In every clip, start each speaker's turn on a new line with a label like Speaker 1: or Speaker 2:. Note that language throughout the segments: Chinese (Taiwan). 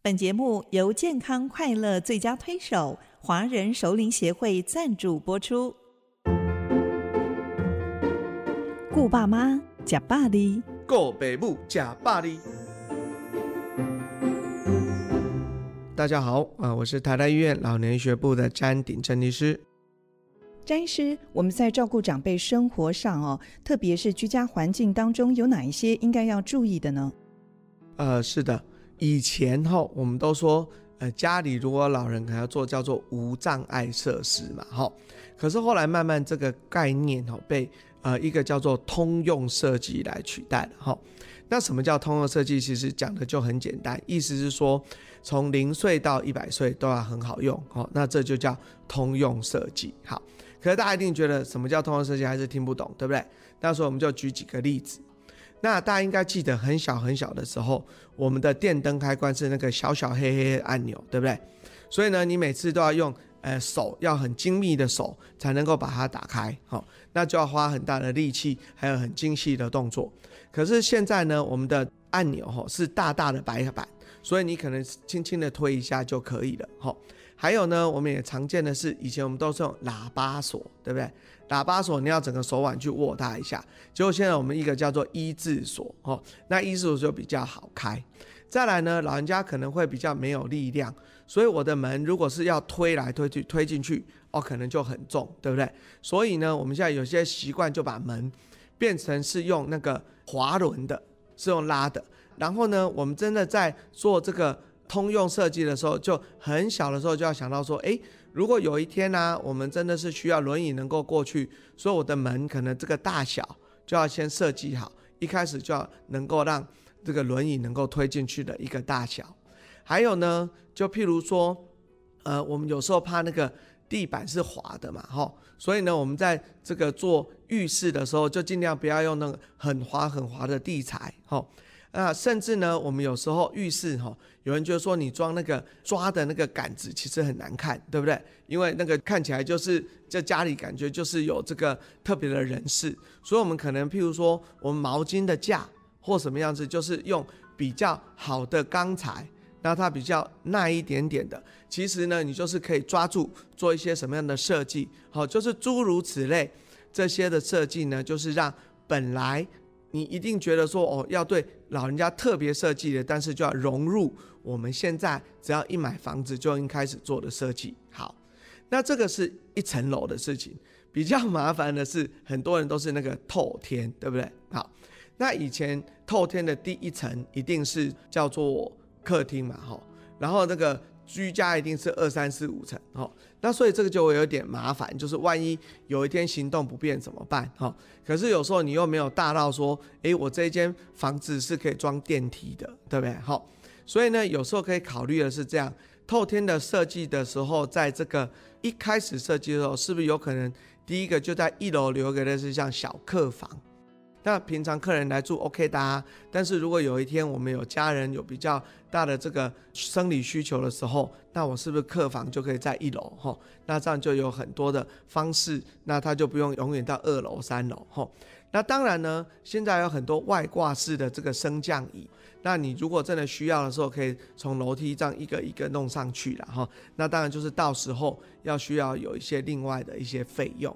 Speaker 1: 本節目由健康快樂最佳推手華人熟齡協會贊助播出。顧爸媽，
Speaker 2: 吃百的，顧爸母，吃百的。大家好，啊、呃，我是台大醫院老年醫學部的詹鼎珍醫師。
Speaker 1: 詹醫師，我們在照顧長輩生活上哦，特別是居家環境當中，有哪一些應該要注意的呢？
Speaker 2: 呃，是的。以前哈，我們都說，呃，家裡如果老人還要做叫做無障礙設施嘛，哈，可是後來慢慢這個概念哈被呃一個叫做通用設計來取代了哈。那什麼叫通用設計？其實講的就很簡單，意思是說，從零歲到一百歲都要很好用哦，那這就叫通用設計。好，可是大家一定覺得什麼叫通用設計還是聽不懂，對不對？那所以我們就舉幾個例子。那大家應該記得很小很小的時候，我們的電燈開關是那個小小黑黑的按鈕，對不對？所以呢，你每次都要用呃手，要很精密的手才能夠把它打開，好，那就要花很大的力氣，還有很精細的動作。可是現在呢，我們的按鈕齁是大大的白板，所以你可能輕輕的推一下就可以了，好。還有呢，我們也常見的是，以前我們都是用喇叭鎖，對不對？喇叭鎖你要整個手腕去握它一下，結果現在我們一個叫做一字鎖哦，那一字鎖就比較好開。再來呢，老人家可能會比較沒有力量，所以我的門如果是要推來推去推進去哦，可能就很重，對不對？所以呢，我們現在有些習慣就把門變成是用那個滑輪的，是用拉的。然後呢，我們真的在做這個。通用設計的時候，就很小的時候就要想到說，哎，如果有一天呢，我們真的是需要輪椅能夠過去，所以我的門可能這個大小就要先設計好，一開始就要能夠讓這個輪椅能夠推進去的一個大小。還有呢，就譬如說，呃，我們有時候怕那個地板是滑的嘛，吼。所以呢，我們在這個做浴室的時候，就盡量不要用那個很滑很滑的地材，吼。啊，甚至呢，我們有時候浴室哈、哦，有人就說，你裝那個抓的那個桿子其實很難看，對不對？因為那個看起來就是在家裡感覺就是有這個特別的人士，所以我們可能譬如說，我們毛巾的架或什麼樣子，就是用比較好的鋼材，那它比較耐一點點的。其實呢，你就是可以抓住做一些什麼樣的設計，好，就是諸如此類這些的設計呢，就是讓本來，你一定覺得說哦，要對老人家特別設計的，但是就要融入我們現在只要一買房子就應該開始做的設計。好，那這個是一層樓的事情，比較麻煩的是很多人都是那個透天，對不對？好，那以前透天的第一層一定是叫做客廳嘛，吼，然後那個。居家一定是二三四五層，好、哦，那所以這個就會有點麻煩，就是萬一有一天行動不便怎麼辦？哈、哦，可是有時候你又沒有大到說，誒，我這一間房子是可以裝電梯的，對不對？好、哦，所以呢，有時候可以考慮的是這樣，透天的設計的時候，在這個一開始設計的時候，是不是有可能第一個就在一樓留給的是像小客房？那平常客人來住 OK 的啊，但是如果有一天我們有家人有比較大的這個生理需求的時候，那我是不是客房就可以在一樓，那這樣就有很多的方式，那他就不用永遠到二樓、三樓。那當然呢，現在有很多外掛式的這個升降椅，那你如果真的需要的時候，可以從樓梯這樣一個一個弄上去了哈。那當然就是到時候要需要有一些另外的一些費用。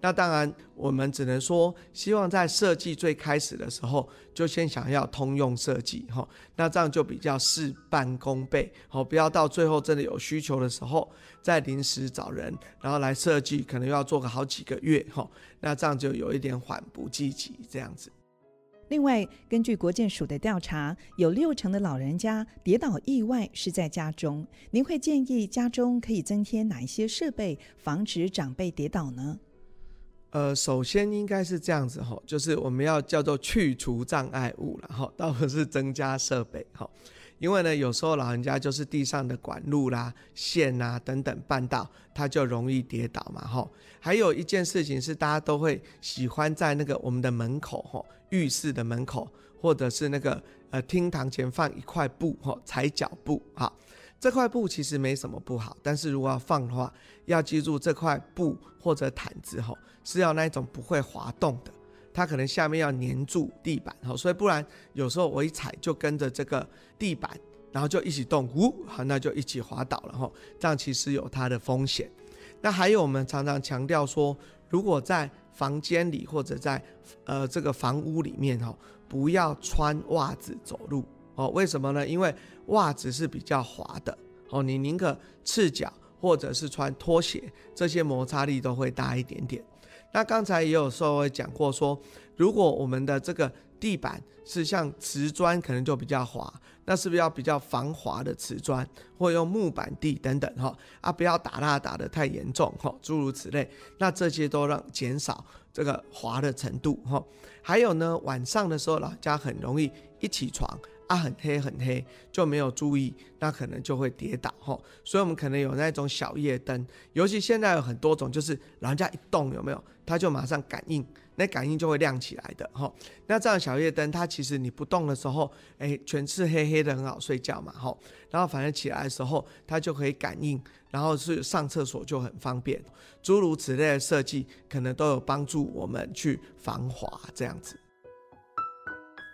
Speaker 2: 那當然我們只能說，希望在設計最開始的時候就先想要通用設計哈，那這樣就比較事半功倍哦，不要到最後真的有需求的時候再臨時找人，然後來設計，可能要做個好幾個月哈，那這樣就有一點緩不。積極這樣子。
Speaker 1: 另外，根據國健署的調查，有六成的老人家跌倒意外是在家中。您會建議家中可以增添哪一些設備，防止長輩跌倒呢？
Speaker 2: 呃，首先應該是這樣子吼，就是我們要叫做去除障礙物了哈，而不是增加設備哈。因為呢，有時候老人家就是地上的管路啦、線啦、啊，等等絆到，他就容易跌倒嘛。吼、哦，還有一件事情是，大家都會喜歡在那個我們的門口，吼、哦，浴室的門口，或者是那個呃廳堂前放一塊布，吼、哦，踩腳布，哈、哦，這塊布其實沒什麼不好，但是如果要放的話，要記住這塊布或者毯子，吼、哦，是要那一種不會滑動的。它可能下面要黏住地板，哈，所以不然有時候我一踩就跟着這個地板，然後就一起動，嗚，好，那就一起滑倒了，哈，這樣其實有它的風險。那還有我們常常強調說，如果在房間裡或者在呃這個房屋裡面，哈，不要穿襪子走路，哦，為什麼呢？因為襪子是比較滑的，哦，你寧可赤腳或者是穿拖鞋，這些摩擦力都會大一點點。那剛才也有稍微講過說，說如果我們的這個地板是像瓷磚，可能就比較滑，那是不是要比較防滑的瓷磚，或用木板地等等哈？啊，不要打蠟打得太嚴重哈，諸如此類，那這些都讓減少這個滑的程度哈。還有呢，晚上的時候，老人家很容易一起床。啊，很黑很黑，就沒有注意，那可能就會跌倒齁。所以，我們可能有那種小夜燈，尤其現在有很多種，就是老人家一動有沒有，它就馬上感應，那感應就會亮起來的齁。那這樣的小夜燈，它其實你不動的時候，哎，全是黑黑的，很好睡覺嘛齁。然後，反正起來的時候，它就可以感應，然後是上廁所就很方便，諸如此類的設計，可能都有幫助我們去防滑這樣子。